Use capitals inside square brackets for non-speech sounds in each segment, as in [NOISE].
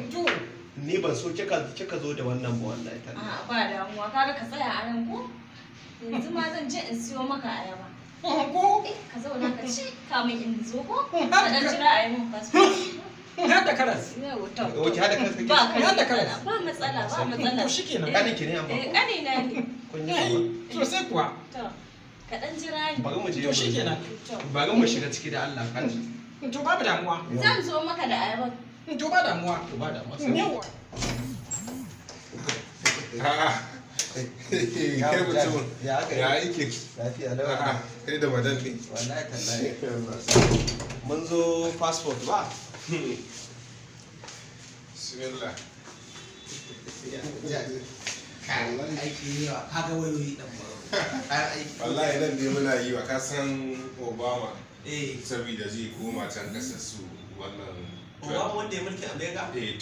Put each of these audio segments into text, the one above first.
to ni ban so kika kika zo da wannan ba wallahi ta a ba damuwa kaga ka tsaya a ran ko yanzu ma zan je in siyo maka ayaba ko eh, ka zauna ka ci kamin in zo ko ka dan jira a yi min passport da karas wace da karas Ba ba da karas ba matsala ba matsala to shikenan kanin ki ne amma eh kanin na ne kun yi to sai kuwa to ka dan jira ni bari mu je to shikenan bari mu shiga ciki da Allah kaji to babu damuwa zan zo maka da ayaba to ba damuwa to ba damuwa yawa ah. [LAUGHS] kai mutum ya aiki lafiya lafiya ah, kai da madan ne wallahi tallahi mun zo passport ba bismillah aiki ne yawa kaga wayoyi dan ba wallahi nan ne muna yi wa san obama eh. saboda zai koma can kasar su wannan babu wanda ya mulki america eh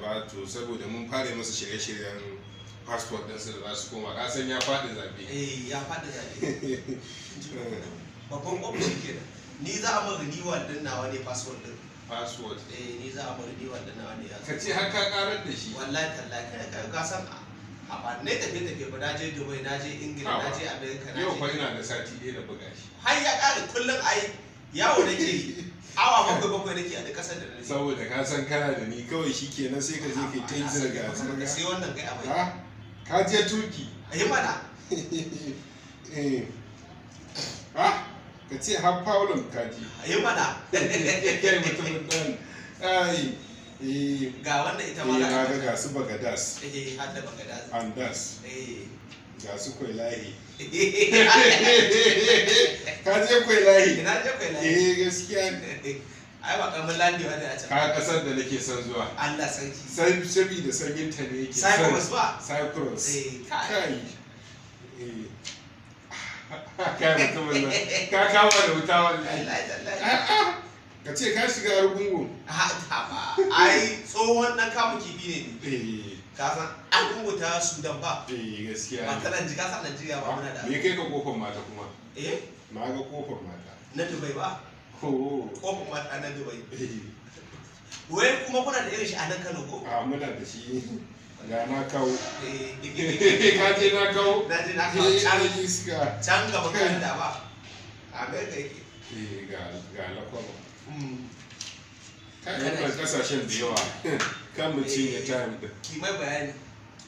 12 ba to saboda mun fara musu shirye-shiryen passport din su da za su koma kasan ya faɗi zabe eh ya faɗi zabe babban ofishin kenan ni za a mara ni din nawa ne passport din password eh ni za a bar ni wanda nawa ne ka ce har ka karar da shi wallahi tallahi kai ka san a ba ne tafiye tafiye ba na je Dubai na je Ingila na je America na je yau fa ina da sati ɗaya da buga shi har ya ƙara kullum ai yawo nake yi awa bakwai bakwai nake a duk kasar da nake saboda ka san kana da ni kawai shi shikenan sai ka je kai ta yi zirga zirga sai wannan kai abai ka je turki yi eh, mana [LAUGHS] eh ha ka ce har paulon ka ji yi eh, mana [LAUGHS] kai mutum dan ai eh. ga wannan ita ma ga ga su bagadas eh har bagadas andas eh ga su kwai lahi [LAUGHS] ka je kwai lahi na je kwai lahi eh gaskiya [LAUGHS] ai ba kamar landi wani a can ka kasar da nake son zuwa Allah sarki sai saboda sanin ta ne yake Cyprus ba Cyprus eh kai kai eh. [LAUGHS] mutumin nan ka kama da wuta wallahi ka ce ka shiga argungun a ah, ta ba ai tsohon dan kama kibi ne ne kasan an rubuta sudan ba eh gaskiya ba ta Najeriya kasan Najeriya ba muna da me kai ka kofar mata kuma eh ma ga kofar mata na Dubai ba oh kofar mata na Dubai eh. wai kuma kuna da irin shi a nan Kano ko a muna da shi ga na kawo eh, [LAUGHS] ka je na kawo na je na kawo eh, can gaba kan da ba a ga yake eh ga ga lakwaro hmm. kasashen da yawa [LAUGHS] kan mu cinye time din ki mai bayani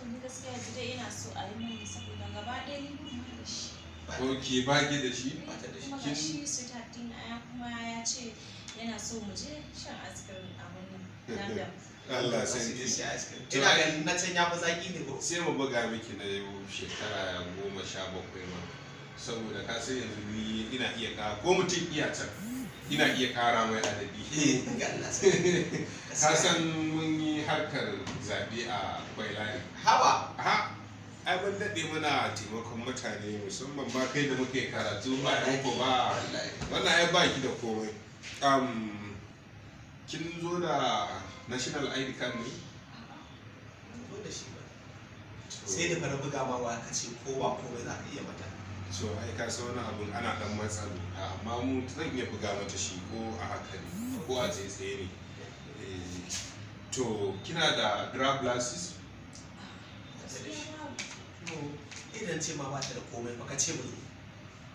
ni gaskiya yanzu dai ina so a yi mini saboda gaba ɗaya ni ba da shi ko ki ba ki da shi eh, ba ta da shi kin shi su ta din aya kuma ya ce yana so mu je shan askirin a wannan nan [LAUGHS] Allah san ki ina ganin na can ya fa zaki ne ko sai mu buga miki na yau shekara goma sha bakwai ma saboda ka sai yanzu ni ina iya ka ko mutum iya can ina iya kara mai adadi eh, [LAUGHS] ka san mun harkar zaɓe a bailani hawa ha ai mun daɗe muna taimakon mutane musamman ba kai da muke karatu ba ko ba wannan ai ba ki da komai kin zo da national id card ne sai da fara buga ma wa kace ko ba ko za ka iya mata so ai ka san wani abun ana dan matsalo amma mu zan iya buga mata shi ko a haka ko a tsaye ne eh. to kina da grab glasses idan ce ma bata da komai baka ce mu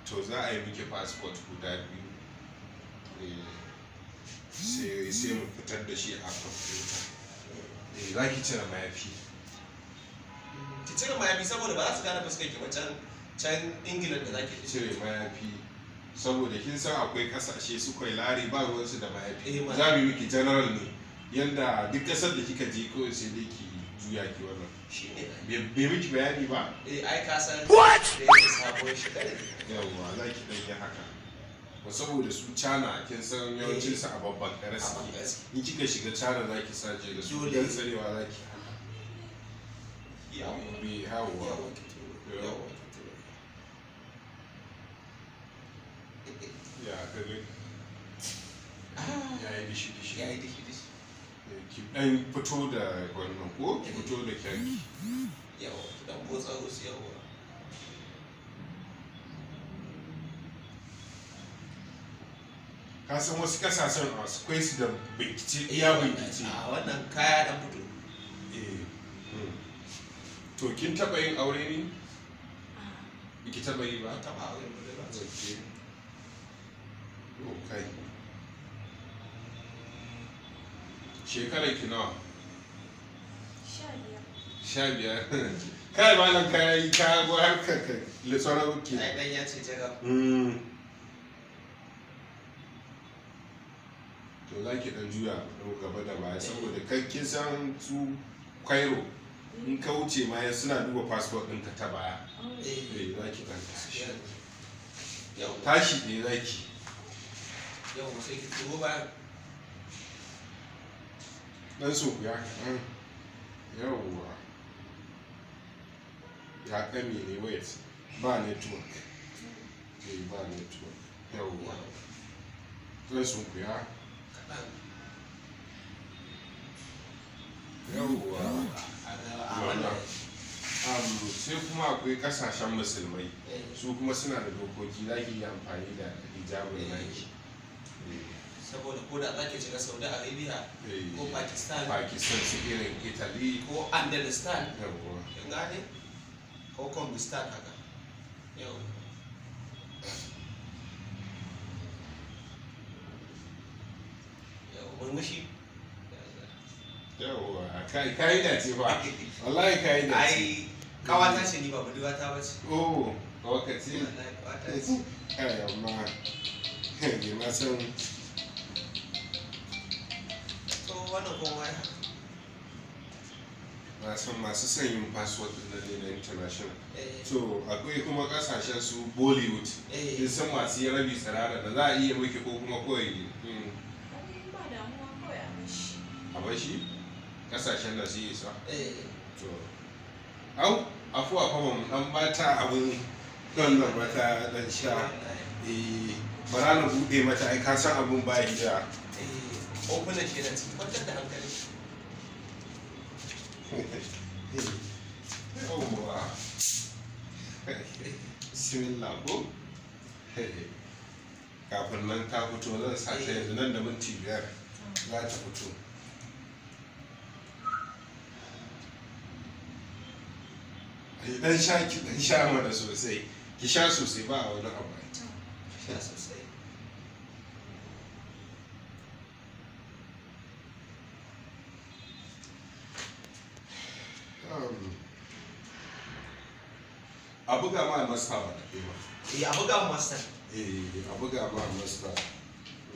to za a yi miki passport guda biyu eh, sai mu fitar da shi a eh za ki cire mayafi ki cire mayafi saboda ba za su gane fuskar ki ba can can ingila da za ki cire mayafi saboda kin san akwai kasashe su kai lari ba su da mayafi eh, za mu yi miki general ne yanda duk kasar da kika je kawai sai dai ki juya ki wannan shine bai miki bayani ba eh ai ka san what sabon shi kare yawa za ki dan yi haka ba saboda su cana kin san yawancin su a babban kare su in kika shiga cana za ki saje da su dan tsarewa za ki mu bi hawa yawa ya kaga ah. ya yi dishi dishi ya yi dishi ki dan fito da wannan ko ki fito da kyanki yawa ki dan motsa rusu yawa ka san wasu kasashen a su kwai su da binkici eh, iya binkici a wannan kaya dan fito eh, hmm. to kin taba yin aure ne ah. ki taba yi ba taba aure ba okay shekarar ki nawa sha biyar [LAUGHS] kai malam ka yi ka go harkar ka lissona uke ai dan ya ce jaga hmm. to za ki dan juya don gaba da baya saboda kakkin san su kwairo in ka wuce ma ya suna duba passport ɗinka ta baya oh. eh. eh za ki dan tashi ne za ki yau sai ki turo ɗan sunkuya ya ne ba eh, sai kuma akwai kasashen musulmai eh. su kuma suna da dokoki za ki yi amfani da hijabin yaki. Eh. saboda ko da zaki shiga saudi arabia eh, ko pakistan pakistan su irin italy ko andalustan yan gane ko kombistan haka yau yau murmushi yawwa ka da ce ba wallahi kayi da ce kawata ce ni ba budurwa ta ba ce oh kawaka ce wallahi kawata ce kai amma ne san wani kuma masu son yin password din na international eh. so akwai kuma kasashen su bollywood in eh. san masu yi rabi tsirara da za a iya muke ko kuma kawai hmm. a bashi kasashen da su yi sa eh. to au afuwa kuma mu dan bata abin wannan bata dan sha eh bara na bude mata ai ka san abin ba gida kofunan shi yana cikin kwantar da hankali kafin nan ta fito zan yanzu nan da minti biyar za ta fito dan sha ki dan sha mana sosai ki sha sosai ba wani abu masta ba kaɗai ba eh a buga masta eh a buga ba masta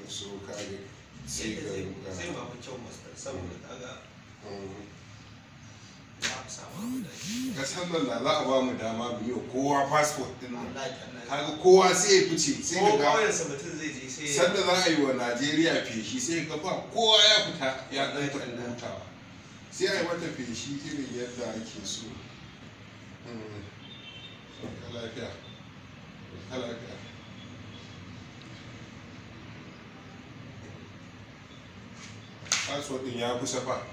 so kage sai ga sai ba kyau masta saboda kaga mm. kasan nan da za a ba mu dama mu yi kowa passport din nan kaga kowa sai ya fice sai ka ga sanda za a yi wa Najeriya feshi sai ka ba kowa ya fita ya dan hutawa sai a yi mata feshi irin yadda ake so mm. lafiya lafiya password din ya kusa fa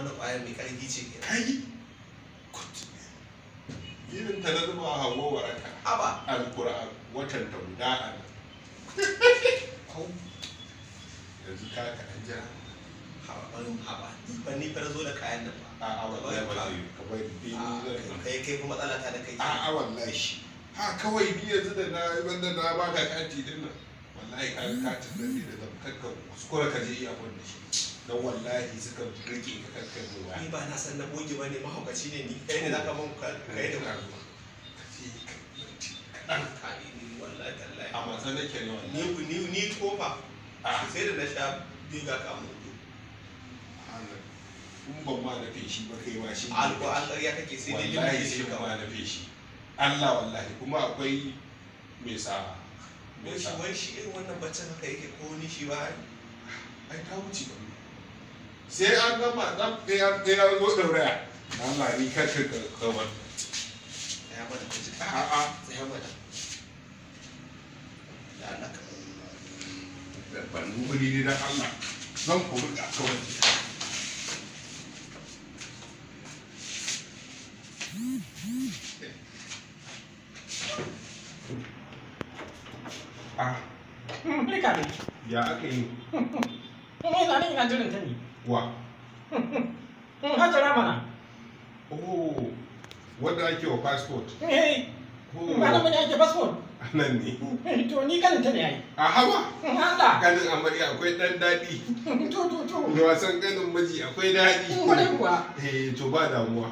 wani ƙwaya mai ƙarfi ce ke kai irin ta na zuba hawa waraka aba alkura watan ta guda a nan yanzu ka ka an jira haɓarin haɓa ban ni fara zo da kayan nan ba a awon wallahi ba zai ka bai bi kai kai kuma matsala ta da kai a awon wallahi shi ha kawai bi yanzu da na yi wanda na baka kanti din nan wallahi ka ka ne da zan kakka kuskura ka je iya da shi na wallahi suka rike ka kakkan ruwa ni ba na san na boge ba ne mahaukaci ne ni kai ne ka ban kai da karuwa a matsan da ke ne wannan ni ni tofa ah. sai da na sha biga kamu kuma ban ma na feshi ba kai ba shi alko an ƙarya kake sai dai wallahi sai ka ma na feshi Allah wallahi kuma akwai mai sa mai sa wai shi irin wannan baccin haka yake ko ni shi ba ai ta wuce ba 谁安个嘛？那给安给安我对不对？俺来你看这个课文，还问啊啊，还问，那那个，本部你你那安那，那我们干课文。Ah. Mereka ni. Ya, aku ini. Ini tadi ngancurin sini. wa hajjara [LAUGHS] mana oh ake wa passport eh oh. malamin ake passport nan ne eh, to ni kanin ta ne ai a hawa eh, Allah kanin amarya akwai dan dadi [LAUGHS] to to to da wasan miji akwai dadi eh, kuwa eh to ba damuwa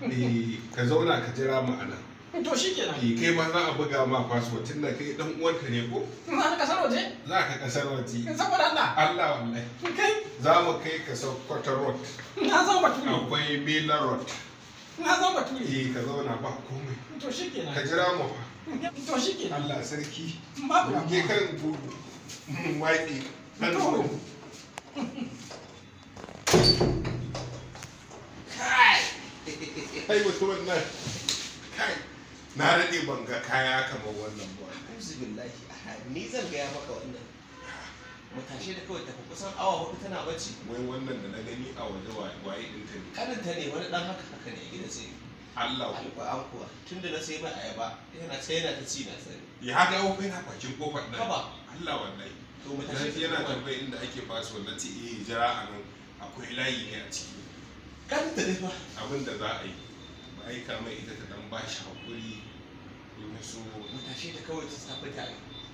eh ka zauna ka jira mu anan to nan kai ma za a buga ma fasfo tun da kai dan uwanka ne ko ma ka kasar waje za ka kasar waje saboda Allah Allah wallahi kai za mu kai ka sau sakkwata rot na zo baturi akwai bela rot na zo baturi eh ka zauna ba komai to shi kenan ka jira mu fa to shi kenan Allah sarki babu ku ke kan gugu mun waƙi dan gudu kai kai mutumin nan kai na rade ban ga kaya kamar wannan ba bismillah ni zan gaya maka wannan mu da kawai tafi kusan awa hudu tana bacci wai wannan da na gani a waje waye dinta ne kananta ne wani dan haka haka ne gida sai Allah ku an kuwa tunda na sai mai ayaba yana sai yana ta ci na sai ya haka yau kai na bakin kofar nan haba Allah wallahi to mu yana tambayi inda ake faso na ce eh jira a nan akwai layi ne a ciki da ne fa abin da za a yi ba mai ita ta dan bashi hakuri in so mu tashe ta kawai ta safi tare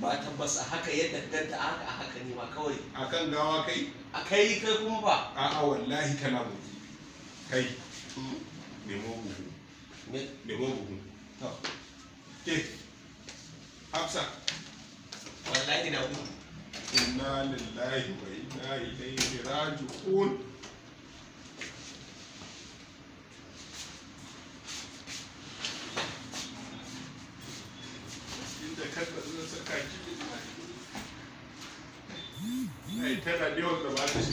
ba tabbas a haka yadda danta haka a haka ne ba kawai A kan gawa kai a kai kai kuma ba a'a wallahi kana bugu kai nemo buhu nemo buhu to ke hafsa wallahi na buhu inna lillahi wa inna ilaihi raji'un I tell her they was the one that she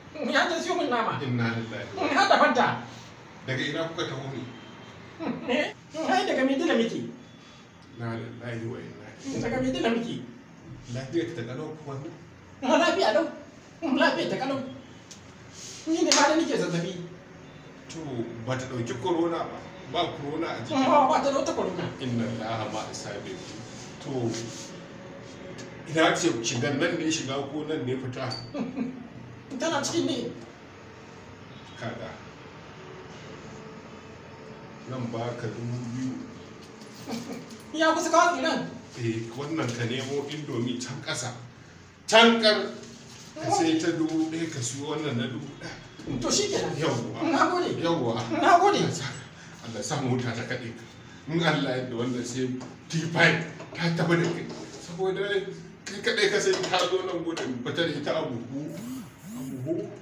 ya je siyo min nama inna lillahi ha da fanta daga ina kuka taho ne hmm, eh, ai daga mai dila miki na lillahi wa inna daga mai dila miki lafiya ta kalau kuma na lafiya dau hmm, lafiya ta kalau ni ne ma da nake zazzabi to ba ta dauki corona ba ba corona a jiki ah, ba ta dauki corona inna lillahi ma asabi to ina ce shigan nan ne shiga ko nan ne fita [LAUGHS] tana cikin ne kada nan ba ka dubu biyu [LAUGHS] ya kusa kawo tsinan eh wannan ka nemo indomi can ƙasa can ƙar ka sai ta dubu ɗaya ka siyo wannan na dubu ɗaya to shi kenan yawwa na gode yawwa na gode Allah sa mota ta kaɗe ka in Allah yadda wannan sai T5 ta taba da kai saboda kai kaɗai ka sai ta zo nan gudun fitar ita a buhu ningún